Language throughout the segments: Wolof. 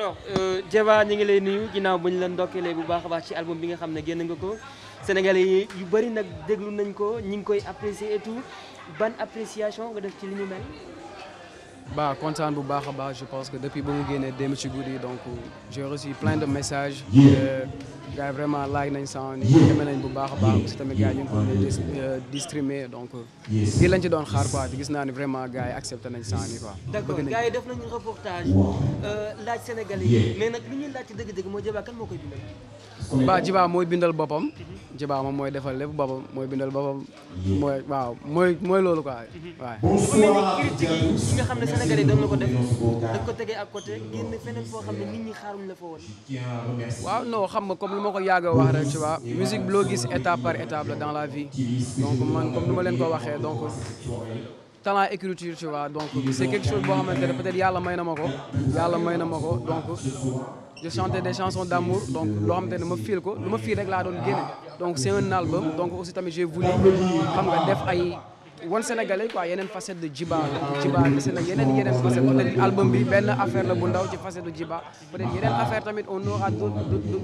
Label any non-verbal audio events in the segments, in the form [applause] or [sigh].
alors euh, Djeva ñu ngi lay nuyu ginnaaw bu ñu la ndokkeelee bu baax a baax ci album bi nga xam ne génn nga ko sénégalais yi yu bëri nag déglu nañ ko ñu ngi koy apprécier et tout ban appréciation nga def ci li ñu mel. ba kontaan bu baax a baax je pense que depuis ba mu génnee démb ci guddi donc j'ai reçu plein de message Yeah. Euh, gars yi vraiment laaj nañ sama ni demee nañ bu baax a baax di euh, streamer lañ ci doon xaar quoi te gis naa ni vraiment gars yi accepté nañ sama ni quoi. d' accord gars yi def nañu reportage euh, laaj Sénégalais yi mais nag li ñuy laaj ci dëgg-dëgg mooy Jeeba kan moo koy bindal. waaw Jeeba mooy bindal mooy defal lépp boppam mooy bindal boppam. mooy waaw mooy mooy loolu quoi waaw. na ko def dañ ko tegee à waaw non xam nga comme ni ma ko yàgg a wax rek tu vois musique loo étape par étape la dans la vie donc man comme ma leen ko waxee donc talent écriture tu vois donc c'est quelque chose boo xamante peut-être yàlla may na ma ko yàlla may na ma ko donc je chantais des chansons d'amour donc loo xamante ne ma fiil ko lu ma fiil rek laa doon génne donc c'est un album donc aussi tamit j'ai voulu xam nga def ay wan sénégalais quoi yeneen facette de Djiba Djiba gis na yeneen yeneen facette peut-être album bi benn affaire la bu ndaw ci facette de Djiba peut yeneen affaire tamit on aura d'autres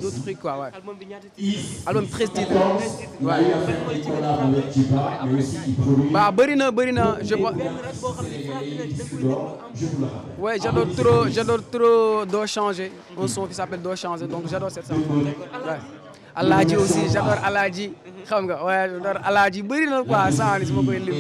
d'autres trucs quoi waaw. album bi ñaata titres. album 13 titres. waaw. waaw bëri na bëri na je pense. oui j'adore trop j'adore Do Changer un son qui s'appelle Do Changer donc j'adore cette alaaji aussi j'adore alaaji xam nga waaye j'adore alaaji bëri na quoi sànni su ma koy lim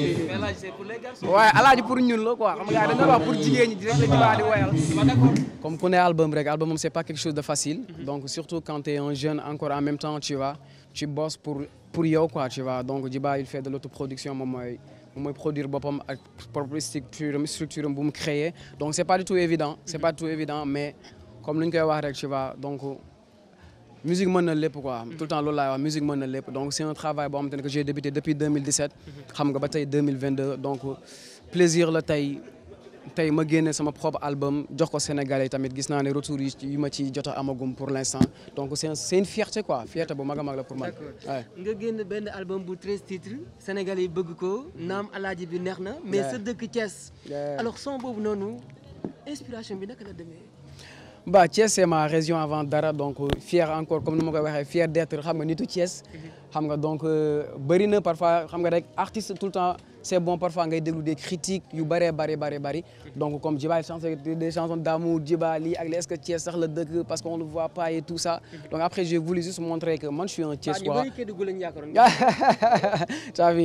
waaye alaaji pour ñun la quoi xam nga gars yi dañu wax pour jigéen ñi rek la ñu baax di woyal comme ku ne album rek album moom c'est pas quelque chose de facile donc surtout quand tu es un jeune encore en même temps tu vois tu bosses pour pour yow quoi tu vois donc Djiba il fait de l'autoproduction moom mooy moom mooy produire boppam ak propre structure structure bu mu créer donc c'est pas du tout évident c'est pas du tout évident mais comme lu ñu koy wax rek tu vois donc musique mën na lépp quoi tout le temps loolu laay wax musique mën na lépp donc c'est un travail boo xamante ne que j'ai débuté depuis 2017. xam nga ba tey donc plaisir la tey ma génne sama propre album jox ko Sénégalais tamit gis naa ne retour yi ma ci jot a amagum pour l'instant donc c'est c'est une fierté quoi fierté bu mag a mag la pour man. d'accord nga génn benn album bu 13 titres Sénégalais yi bëgg ko naam alaaji bi neex na. mais sa dëkk Thiès. alors son boobu noonu inspiration bi naka la demee. Bah Thiès c'est ma région avant dara donc euh, fier encore comme ni ma ko waxee fier d'être xam nga nitu Thiès. Mhm. xam nga donc euh, bëri parfois xam nga rek artiste tout yu bëree bëri bëri mhm. donc comme Djiba des chansons d'amour Djiba lii est que Thiès sax la dëkk parce qu'on le voit pas et tout ça. Mhm. donc après j'ai voulu juste montrer que man je suis un Thiès quoi. Ah, [laughs]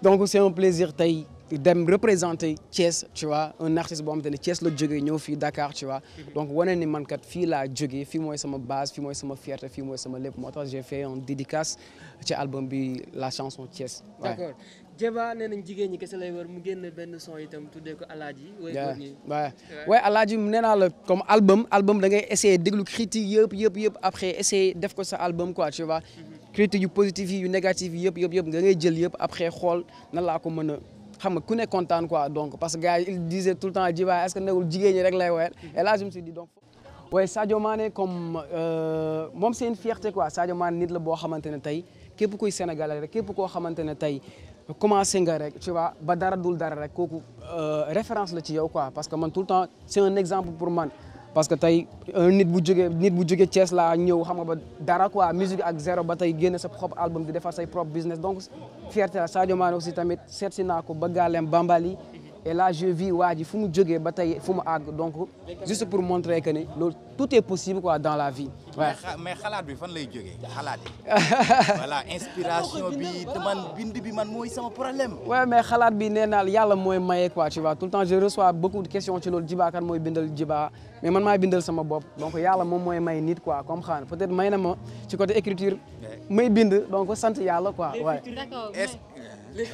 donc c'est un plaisir tey. dem représenter Thiès tu vois un artiste boo xamante ne la jógee ñëw fi Dakar tu vois mhm. donc wane ni man kat fii laa joge fii mooy sama base fii mooy sama fierté fii mooy sama lépp moo tax j'ai fait un dédicace ci album bi la chanson Thiès. d'accord Djeba nee nañ jigéen ñi kese lay mu génn benn son itam tuddee ko Alaaji. waaw waaw waaye Alaaji nee naa la comme album album da ngay essayer déglu critique yëpp yëpp yëpp après essayer def ko sa album quoi tu vois. Mhm. critique yu positif yu négatif yi yëpp yëpp yëpp nga ngay jël yëpp après xool nan laa ko mën xam nga ku ne kontaan quoi donc parce que gars yi il disait tout le temps Djiba est-ce que newul jigéen ñi rek lay woyal et là je me suis dit donc way Sadio Mané comme euh, moom c'est une fierté quoi Sadio Mané nit la boo xamante ne tey képp kuy sénégalais rek képp koo xamante ne tey commencé nga rek tu vois ba dara dul dara rek kooku euh, référence la ci yow quoi parce que man tout le temps c'est un exemple pour man parce que tey nit bu jógee nit bu jógee Thiès laa ñëw xam nga ba dara quoi musique ak zéro ba tey génn sa propre album di defar say propre business donc fierté la Sadio Mané aussi tamit seet si naa ko ba Galem Bambali e la je vis waa ji fu mu jógee ba tey fu mu àgg donc juste pour montrer que ni loolu tout est possible dans la vie. waaw mais xalaat bi fan lay jógee xalaat yi. [laughs] voilà inspiration man bind bi man mooy sama problème. waaw mais xalaat bi nee naa yàlla mooy maye quoi tu vois tout le temps je reçois beaucoup de ci loolu Djiba kan mooy bindal Djiba mais man maay bindal sama bop donc yàlla moom mooy may nit quoi comme xaan peut-être may na ma ci côté écriture. may bind donc sant yàlla quoi waaye.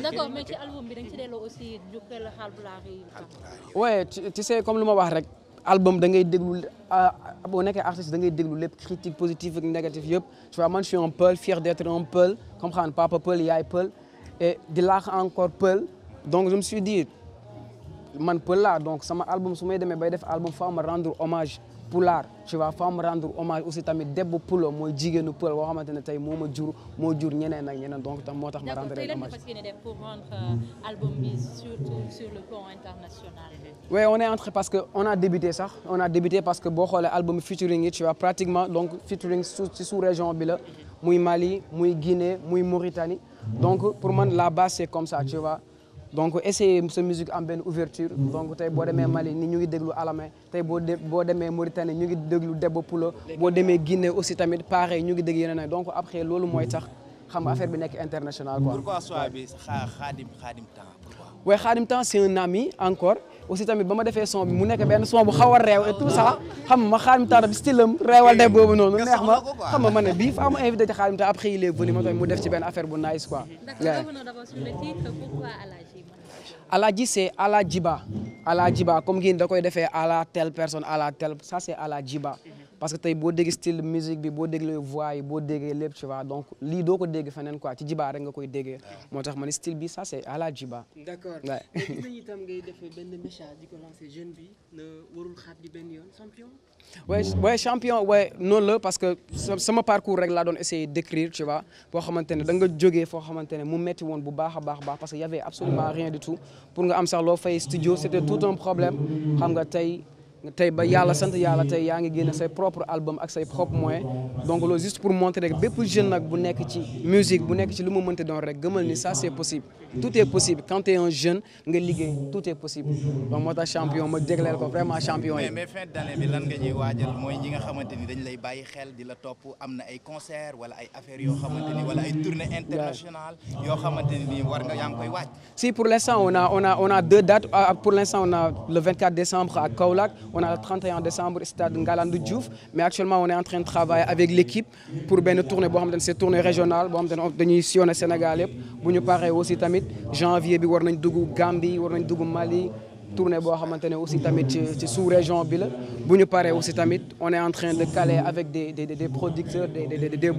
d'accord mais ci album bi da nga delloo aussi njukkal Haalpulaar yi. waaye tu sais comme lu ma wax rek album da ngay déglu ah, boo nekkee artiste da ngay déglu lépp critique positive ak négative yëpp tu vois man je suis un Peul fier d'être un Peul comme xam papa Peul yaay Peul et di laax encore Peul donc je me suis dit man Peul laa donc sama album su may demee bay def album faaw ma rendre hommage. pulaar tu vois faa mu rendre hommage aussi tamit Debbo Pulo mooy jigéenu Pulo boo xamante ne tey moo ma jur moo jur ñeneen ak ñeneen donc tam moo tax ma rendre hommage. pour rendre euh, album bi surtout sur le plan international. oui on est entré parce que on a débuté sax on a débuté parce que boo xoolee album featuring yi tu vois pratiquement donc featuring su ci sous région bi la muy Mali muy Guinée muy Mauritanie donc pour man la base c'est comme ça donc essayer sa musique am benn ouverture donc tey boo demee Mali ni ñu ngi déglu Alamé tey boo de boo demee Mauritanie ñu ngi déglu Debbo Pulo boo demee Guinée aussi tamit pareil ñu ngi dég dégg yeneen donc après loolu mooy tax xam nga affaire bi nekk international quoi. pourquoi choix bi Khadim ami encore aussi tamit ba ma defee son bi mu nekk benn son bu xaw a réew et tout ça xam ma Khadim Temps bi style am réewal de boobu noonu neex ma xam ma ma ne bii faa ma invité ci Khadim après il est ma mu def ci benn affaire bu nice quoi. Aladji c'est Aladjiba Aladjiba comme ngeen da koy defee à la telle personne à la telle ça c'est Aladjiba parce que tey boo déggee style musique bi boo déggee voix yi boo déggee lépp tu vois ko dégg feneen quoi ci nga koy déggee. Ah. moo tax ma ne style bi à la Djiba. d' accord mais [laughs] gis nañu jeune bi na warul xaar di benn yoon champion. way ouais, noonu la parce que sama parcours rek laa doon essayer d'écrire tu vois boo xamante ne da nga jógee foo xamante ne mu metti woon bu baax a baax baax parce que y avait absolument rien du tout pour nga am sax loo fay studio c'était tout un problème xam nga tey tey ba yàlla sant yàlla tey yaa ngi génne say propre album ak say propre moyen donc loolu juste pour montrer bépp jeune nag bu nekk ci musique bu nekk ci lu mu mënti doon rek gëmal ni ça c'est possible tout est possible quand tu nga liggéey tout est possible donc moo tax champion ma dégleel ko vraiment champion fin d'année bi lan nga ñuy waajal mooy ñi nga xamante dañ lay bàyyi xel di la topp am na ay concert wala ay affaires yoo xamante wala ay tournée internationale a a on a deux dates ah, pour l'instant on a on a le 31 décembre stade Ngalandou Diouf mais actuellement on est en train avec l'équipe pour benn tournée boo xam ne c'est tournée régionale boo xam ne dañuy sillonner Gambie war nañ dugg Mali tournée boo xamante ne aussi tamit ci ci sous région bi la bu ñu paree aussi tamit on est en train de caler avec des des des producteurs des des des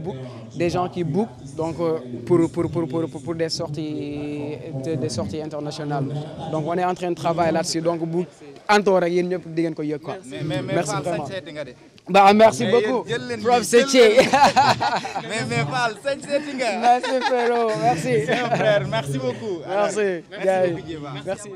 des gens qui book donc euh, pour pour pour pour pour des sorties des sorties internationales donc on est en train là donc bu Anto rek yéen ñëpp di ngeen ko yëg quoi. merci vraiment waaw merci beaucoup prof Sétier. mais mais Fall sëñ Séti nga. merci frérot merci. c'est un frère merci beaucoup.